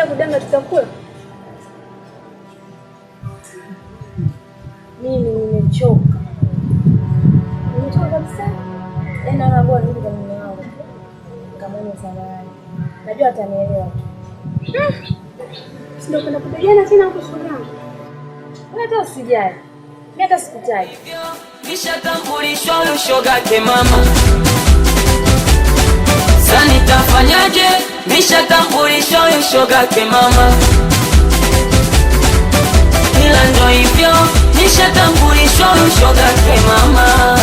bila kudanga tutakula. Mimi nimechoka, nimechoka kabisa. Tena naambiwa nini kwa mume wangu, kamani samahani, najua atanielewa tu. Sio kwenda kupigana tena huko shuleni. Hata usijali. Mimi hata sikutaki. Nishatambulishwa ushoga ke mama. Sasa nitafanyaje? shogake mama, ila ndo hivyo nishatambulishwa shogake mama.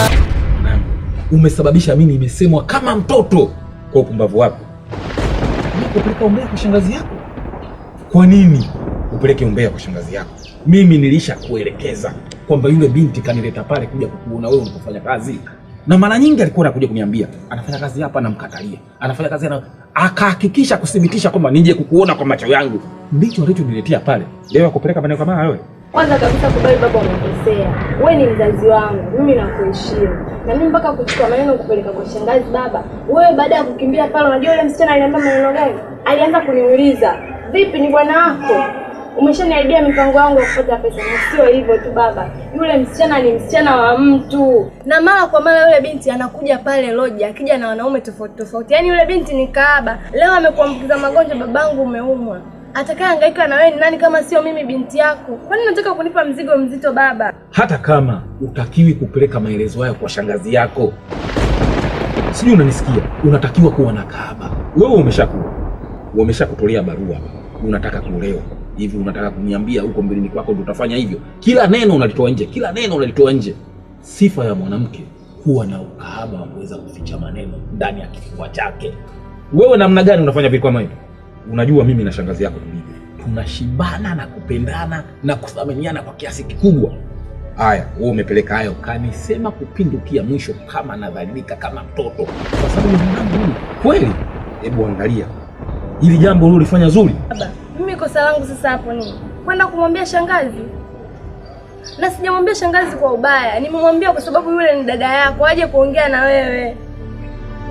Umesababisha mimi nimesemwa kama mtoto kwa upumbavu wako. Upeleka umbea kwa shangazi yako? Kwa nini upeleke umbea kwa shangazi yako? Mimi kuelekeza kwamba yule binti kanileta pale kuja kukuona wewe unapofanya kazi na mara nyingi alikuwa anakuja kuniambia anafanya kazi hapa, namkatalia anafanya kazi na akahakikisha kuthibitisha kwamba nije kukuona kwa macho yangu, ndicho alichoniletea pale. Leo akupeleka maneno kama hayo. Kwanza kabisa kubali, baba, umekosea. Wewe ni mzazi wangu, mimi nakuheshimu, na mimi mpaka kuchukua maneno kupeleka kwa shangazi. Baba, wewe baada ya kukimbia pale, unajua yule msichana aliambia maneno gani? Alianza kuniuliza vipi, ni bwana wako umeshaniaidia mipango yangu ya kupata pesa. Na sio hivyo tu baba, yule msichana ni msichana wa mtu, na mara kwa mara yule binti anakuja pale loji, akija na wanaume tofauti tofauti. Yaani yule binti ni kaaba, leo amekuambukiza magonjwa, babangu umeumwa atakayehangaika na wewe ni nani kama sio mimi binti yako? Kwani unataka kunipa mzigo mzito baba? Hata kama utakiwi kupeleka maelezo hayo kwa shangazi yako, sijui unanisikia, unatakiwa kuwa na kaaba Wewe umeshakuwa, umeshakutolea barua, unataka kuolewa hivi unataka kuniambia huko mbeleni kwako ndio utafanya hivyo? Kila neno unalitoa nje, kila neno unalitoa nje. Sifa ya mwanamke huwa na ukahaba wa kuweza kuficha maneno ndani ya kifua chake. Wewe namna gani unafanya vitu kama hivyo? Unajua mimi na shangazi yako tulivyo, tunashibana na kupendana na kuthaminiana kwa kiasi kikubwa. Haya, wewe umepeleka hayo, kanisema kupindukia, mwisho kama nadhalilika kama mtoto, kwa sababu kweli. Hebu angalia hili jambo ulilofanya zuri kosa langu sasa hapo nini? Kwenda kumwambia shangazi? Na sijamwambia shangazi kwa ubaya, nimemwambia kwa sababu yule ni dada yako, aje kuongea na wewe.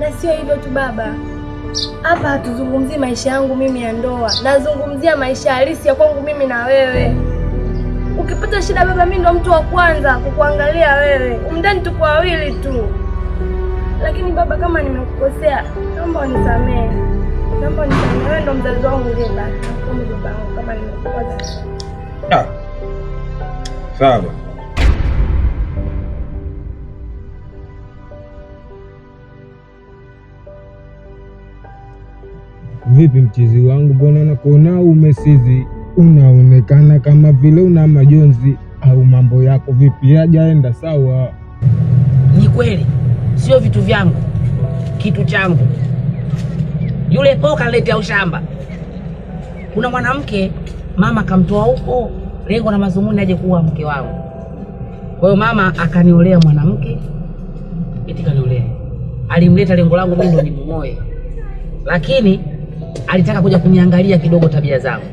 Na sio hivyo tu baba, hapa hatuzungumzii maisha yangu mimi ya ndoa, nazungumzia maisha halisi ya kwangu mimi na wewe. Ukipata shida baba, mimi ndo mtu wa kwanza kukuangalia wewe, umndani tuko wawili tu. Lakini baba, kama nimekukosea, naomba unisamehe. Ah. Sawa. Vipi mchizi wangu, mbona nakuona umesizi, unaonekana kama vile una majonzi au mambo yako vipi yajaenda sawa? Ni kweli sio vitu vyangu, kitu changu yule poka kaniletea ushamba. Kuna mwanamke mama kamtoa huko, lengo na mazumuni aje kuwa mke wangu. Kwa hiyo mama akaniolea mwanamke, eti kaniolea, alimleta lengo langu mimi ndo nimuoe, lakini alitaka kuja kuniangalia kidogo tabia zangu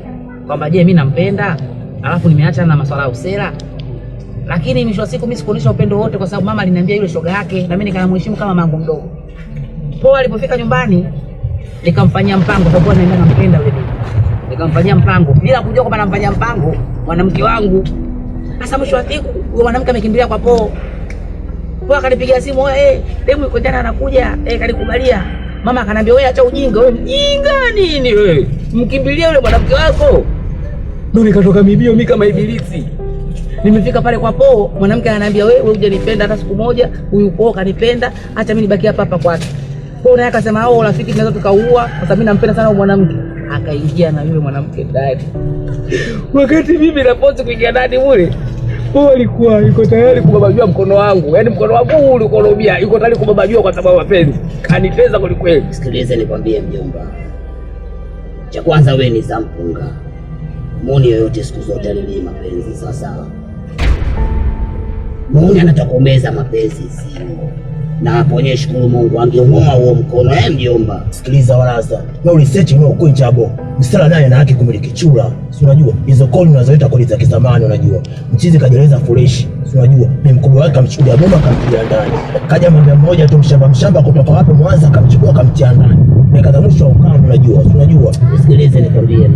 kwamba je, mimi nampenda, alafu nimeacha na masuala ya usera lakini mwisho wa siku mimi sikuonyesha upendo wote, kwa sababu mama aliniambia yule shoga yake, na mimi nikamheshimu kama mangu mdogo. Poa alipofika nyumbani nikamfanyia mpango kwa kuwa naenda nampenda wewe, nikamfanyia mpango bila kujua kwamba namfanyia mpango mwanamke wangu. Sasa mwisho wa siku huyo mwanamke amekimbilia kwa Poo. Poo akanipigia simu, eh, hey, demu yuko jana anakuja, eh, hey, kalikubalia mama. Akanambia wewe, acha ujinga wewe, mjinga nini wewe, Mkimbilia yule mwanamke wako. Ndio nikatoka mibio mimi kama ibilisi. Nimefika pale kwa Poo, mwanamke ananiambia wewe, wewe hujanipenda hata siku moja, huyu Poo kanipenda, acha mimi nibaki hapa hapa kwake. Kwa naye akasema hao oh, rafiki tunaweza tukaua, kwa sababu nampenda sana mwanamke. Akaingia na yule mwanamke ndani. Wakati mimi napozi kuingia ndani mule, wao alikuwa yuko tayari kubabajua mkono wangu. Yaani mkono wangu huu ulikuwa robia, yuko tayari kubabajua kwa sababu mapenzi. kaniteza kweli kweli. Sikilize nikwambie mjomba. Cha kwanza wewe ni zampunga. Muone yoyote siku zote alilii mapenzi sasa sawa. Muone anatokomeza mapenzi zingo na hapo aponye shukuru Mungu angeungoma huo mkono. Eh, mjomba, sikiliza walaza na ulisechi no kuichabo msala naye na haki kumiliki chura, si unajua hizo kodi unazoita kodi za kizamani. Unajua mchizi kajeleza fresh, si unajua ni mkubwa wake, kamchukulia bomba kamtia ndani, kaja mama mmoja tu mshamba mshamba kutoka wapi Mwanza, kamchukua kamtia ndani, nikadhamushwa ukamu. Unajua, si unajua, sikilize nikwambie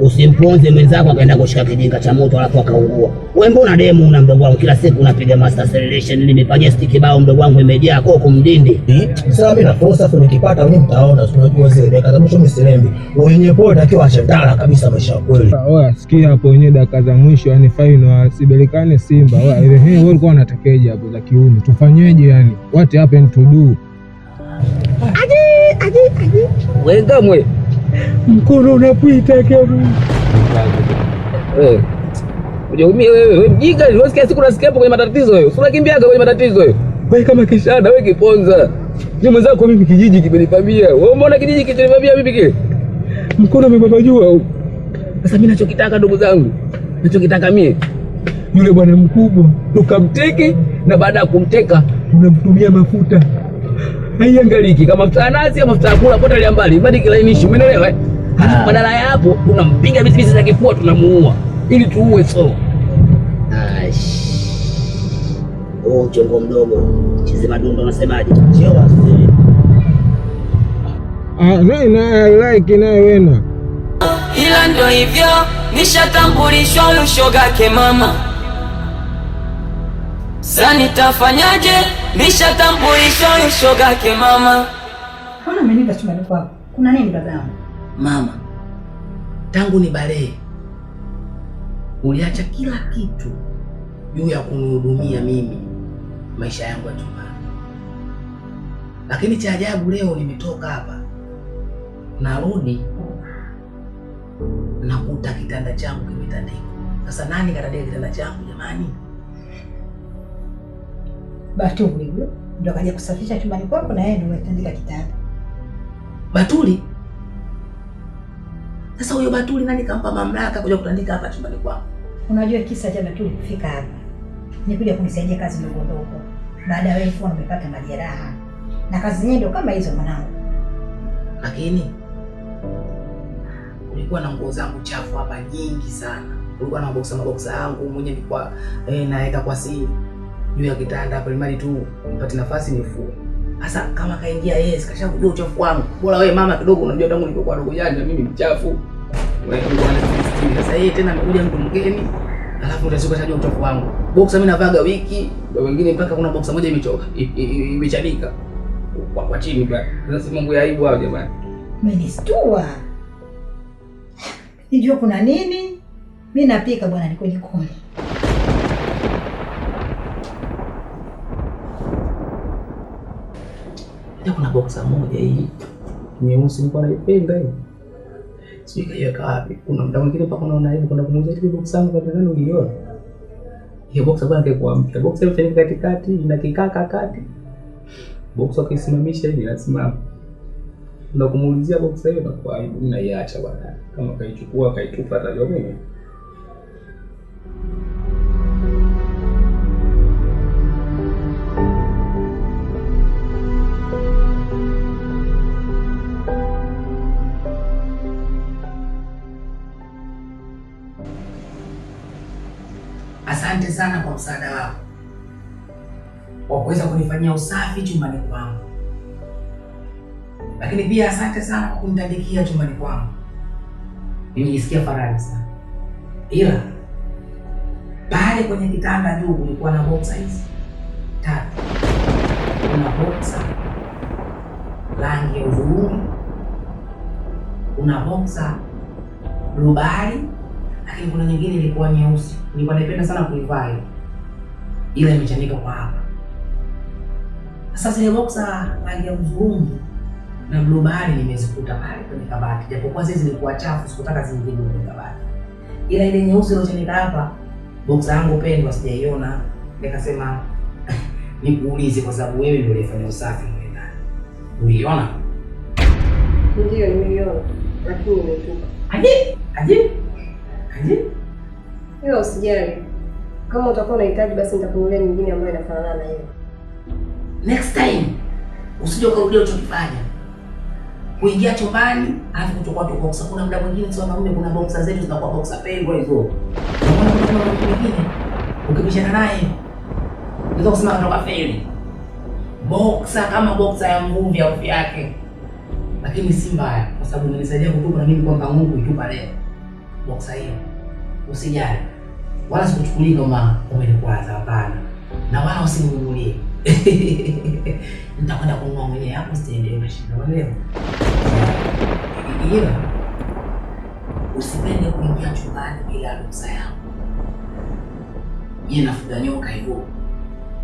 Usimponze mwenzako akaenda kushika kijinga cha moto alafu akaungua. Wewe mbona demu una mdogo wangu, kila siku unapiga master acceleration, nimefanya stick bao mdogo wangu imejaa koko mdindi. Hmm? Sasa mimi na fursa tu nikipata wewe mtaona, unajua zile dakika za mwisho msilembi. Wenye poa takiwa achatala kabisa maisha kweli. Wewe ah, sikia hapo wenye dakika za mwisho yani final asibelekane ah, Simba. Wewe ile hey, wewe ulikuwa unatekeje hapo za kiuni? Tufanyeje yani? What happened to do? Aje aje aje. Wewe ngamwe mkono unapita kama wewe ujaumia wewe, wewe mjiga, wewe kila siku unasikia hapo kwenye matatizo wewe. kimbia unakimbiaga kwenye matatizo wewe. Wewe kama kishada wewe kiponza. Ni mwenzako mimi kijiji kimenivamia. Wewe umeona kijiji kimenivamia mimi kile. Mkono umebaba juu Sasa mimi nachokitaka ndugu zangu. Nachokitaka mie. Yule bwana mkubwa tukamteke na baada ya kumteka unamtumia mafuta na hiyo ngaliki kama mtaa nazi ama mtaa kula pote ile mbali bali kilainishi, umeelewa eh? Ah. Badala ya hapo tunampiga bizi za kifua tunamuua ili tuue so. Oh, chongo mdogo chizi madundo unasemaje? Chewa sisi. Ah, naye like naye wena. Ila ndo hivyo nishatambulishwa ushogake mama. Sasa nitafanyaje? nishatambulisha ushogake mama. Mbona umenipa chumbani kwako? Kuna nini dadangu? Mama, tangu ni balee uliacha kila kitu juu ya kunihudumia mimi maisha yangu ya chumbani, lakini cha ajabu leo nimetoka hapa, narudi nakuta kitanda changu kimetandikwa. Sasa nani katandika kitanda changu jamani? Batuli ndo akaja kusafisha chumbani kwako na yeye ndo ametandika kitanda. Batuli? Sasa huyo Batuli nani kampa mamlaka kuja kutandika hapa chumbani kwako? Unajua kisa cha Batuli kufika hapa ni kuja kunisaidia kazi ndogo ndogo, baada ya wewe kuwa umepata majeraha na kazi nyingi kama hizo mwanangu. Lakini kulikuwa na nguo zangu chafu hapa nyingi sana, kulikuwa na maboksa maboksa yangu mwenye nilikuwa eh, naweka kwa siri juu ya kitanda hapa, mali tu nipate nafasi nifue. Sasa kama kaingia yeye, yes, kashakujua uchafu wangu. Bora wewe mama kidogo unajua tangu nilipokuwa dogo janja mimi mchafu. Sasa yeye tena amekuja mtu mgeni. Alafu utasikia kashajua uchafu wangu. Boxer mimi navaga wiki, na wengine mpaka kuna boxer moja imechoka, imechanika. Kwa kwa chini bwana. Sasa si Mungu ya aibu hao jamani. Mimi ni stua. Nijua kuna nini? Mimi napika bwana, niko jikoni. Hata kuna boksa moja hii nyeusi nilikuwa naipenda hii. Sijui kaiweka wapi. Kuna mda mwingine mpaka unaona hivi kuna kumuuza hivi boksa yangu kwa tano uliona. Hiyo boksa bwana kaikuwa mpya. boksa hiyo chanika katikati ina kikaka kati boksa, ukisimamisha hivi inasimama. Na kumuulizia boksa hiyo na kwa hiyo unaiacha bwana. Kama kaichukua kaitupa atajua mimi. msaada wako wa kuweza kunifanyia usafi chumbani kwangu, lakini pia asante sana kwa kunitandikia chumbani kwangu. Nimejisikia faraja sana, ila pale kwenye kitanda juu kulikuwa na boxa hizi tatu. Kuna boxa rangi ya udhurungi, kuna boxa rubari, lakini kuna nyingine ilikuwa nyeusi. Nilikuwa naipenda sana kuivaa hiyo ila imechanika kwa hapa. Sasa zile boksa mali ya uzurungu na globali nimezikuta pale kwenye kabati, japokuwa zile zilikuwa chafu, sikutaka zingine kwenye kabati, ila ile nyeusi iliyochanika hapa, boksa yangu pendwa, sijaiona. Nikasema nikuulize, kwa sababu wewe ndio ulifanya usafi mle ndani. Uliiona? Ndio, nimeiona, lakini nimetupa. Aje aje aje, hiyo usijali. Kama utakuwa unahitaji basi nitakununulia nyingine ambayo inafanana na hiyo. Next time usije ukarudia ulichokifanya. Kuingia chumbani alafu kutokuwa tu boxer. Kuna muda mwingine sio wanaume, kuna boxer zetu zinakuwa boxer pengo hizo. Unaona kuna mtu mwingine ukibishana naye ndio kusema anatoka kafeli Boxer kama boxer ya mvuvi au yake. Lakini si mbaya kwa sababu nilisaidia kutupa na mimi kwamba Mungu itupa leo. Boxer hiyo. Usijali wala sikuchukulia kama umenikwaza, hapana, na wala usinunulie nitakwenda kununua mwenyewe, hapo sitaendelee na shida, unaelewa? Ila usipende kuingia chumbani bila ruhusa yangu. Yeye nafuga nyoka hivyo,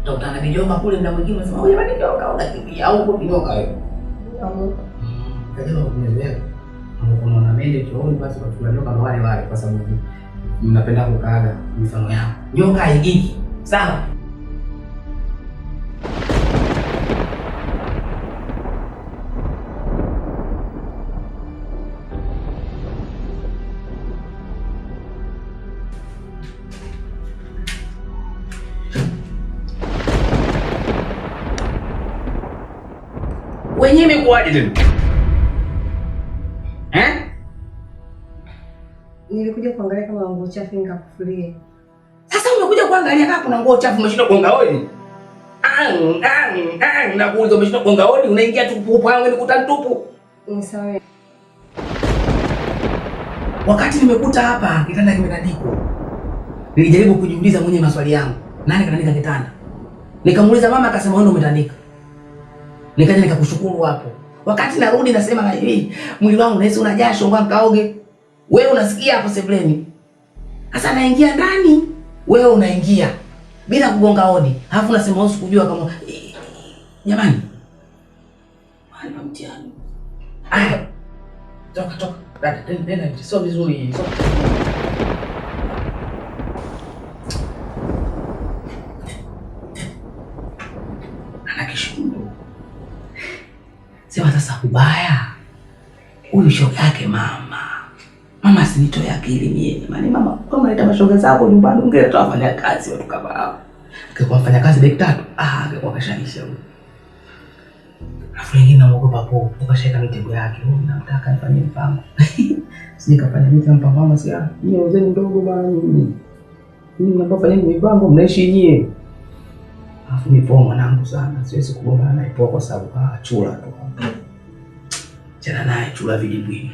utakutana vijomba kule, mda mwingine unasema wewe ni nyoka, unakimbia au uko nyoka wewe. Kaja mm. kwa kuelewa, ambapo unaona mende chooni, basi kwa tulanyoka wale wale, kwa sababu mnapenda kukaaga mifano yao nyoka haigigi. Sawa, wenyewe imekuwaje tena? uchafu nikakufulie. Sasa umekuja kuangalia kama kuna nguo umeshinda kuonga na kuuliza umeshinda kuonga unaingia tu yangu nikuta Wakati nimekuta hapa kitanda kimetandikwa. Nilijaribu kujiuliza maswali yangu. Nani kanandika kitanda? Nikamuuliza mama akasema wewe umetandika. Nikaja nikakushukuru hapo. Wakati narudi nasema hivi, mwili wangu unahisi una jasho, ngoja nikaoge. Wewe unasikia hapo sebleni. Sasa naingia ndani, wewe unaingia bila kugonga hodi, halafu unasema usi kujua kama jamani, ana mtihani. Aya, toka toka, dada, nenda nje, sio vizuri. Anakishindwa sema sasa, ubaya huyu shoga yake mama Mama asinitoe akili mimi. Maana mama kama leta mashoga zako nyumbani ungeleta wafanya kazi watu kama hao. Angekuwa mfanya kazi dakika tatu, ah angekuwa kashaisha huyo. Alafu wengine naogopa hapo, ukashika mitego yake. Wewe oh, unamtaka afanye mpango. Sije kafanya mita mpango mama si ah. Ni wazee mdogo bwana mimi. Mimi mnapofanya mipango mnaishi nyie. Alafu ni poa mwanangu sana. Siwezi kugombana naye poa kwa sababu ah chula tu. Chana naye chura vijibwini.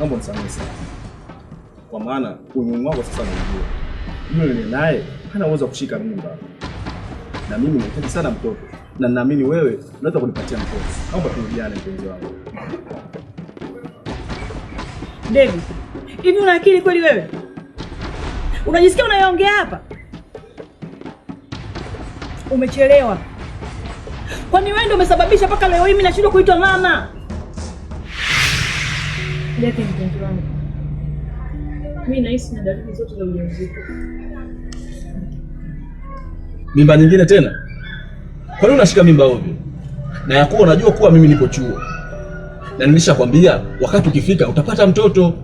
naomba msamehe sana, kwa maana unyumu wako sasa naujua. Yule nene naye hana uwezo wa kushika mimba, na mimi nahitaji sana mtoto, na naamini wewe unaweza kunipatia mtoto. Naomba turudiane, mpenzi wangu. David, hivi una akili kweli wewe? Unajisikia unayoongea hapa? Umechelewa, kwani wewe ndio umesababisha mpaka leo hii mimi nashindwa kuitwa mama yake ni mpenzi wangu. nahisi na dalili zote za ujauzito. Mimba nyingine tena? Kwa nini unashika mimba ovyo? Na ya kuwa unajua kuwa mimi nipo chuo na nilishakwambia wakati ukifika utapata mtoto.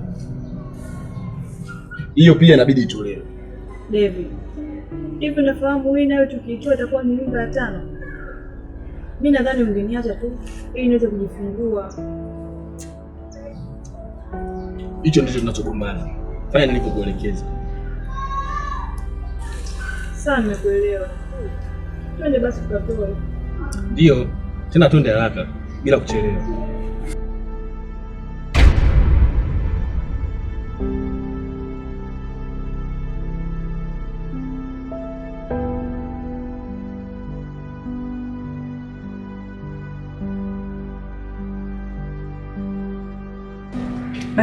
Hiyo pia inabidi itolewe. David, hivi nafahamu hii nayo tukiitoa itakuwa ni mimba ya tano. Mimi nadhani ungeniacha tu ili niweze kujifungua. Hicho ndicho tunachogombana. Fanya nilivyokuelekeza. Sasa nimekuelewa. Twende basi tukapoe. Ndio, tena twende haraka bila kuchelewa.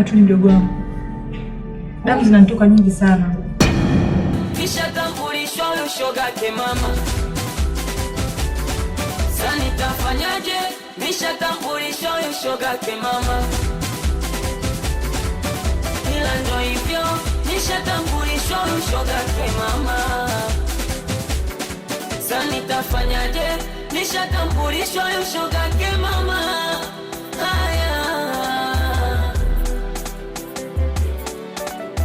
Hapana tu ni mdogo wangu, damu zinanitoka nyingi sana. Kisha tambulishwa huyo shogake mama, sasa nitafanyaje? Kisha tambulishwa huyo shogake mama, ila ndo hivyo, kisha tambulishwa huyo shogake mama, sasa nitafanyaje? Kisha tambulishwa huyo shogake mama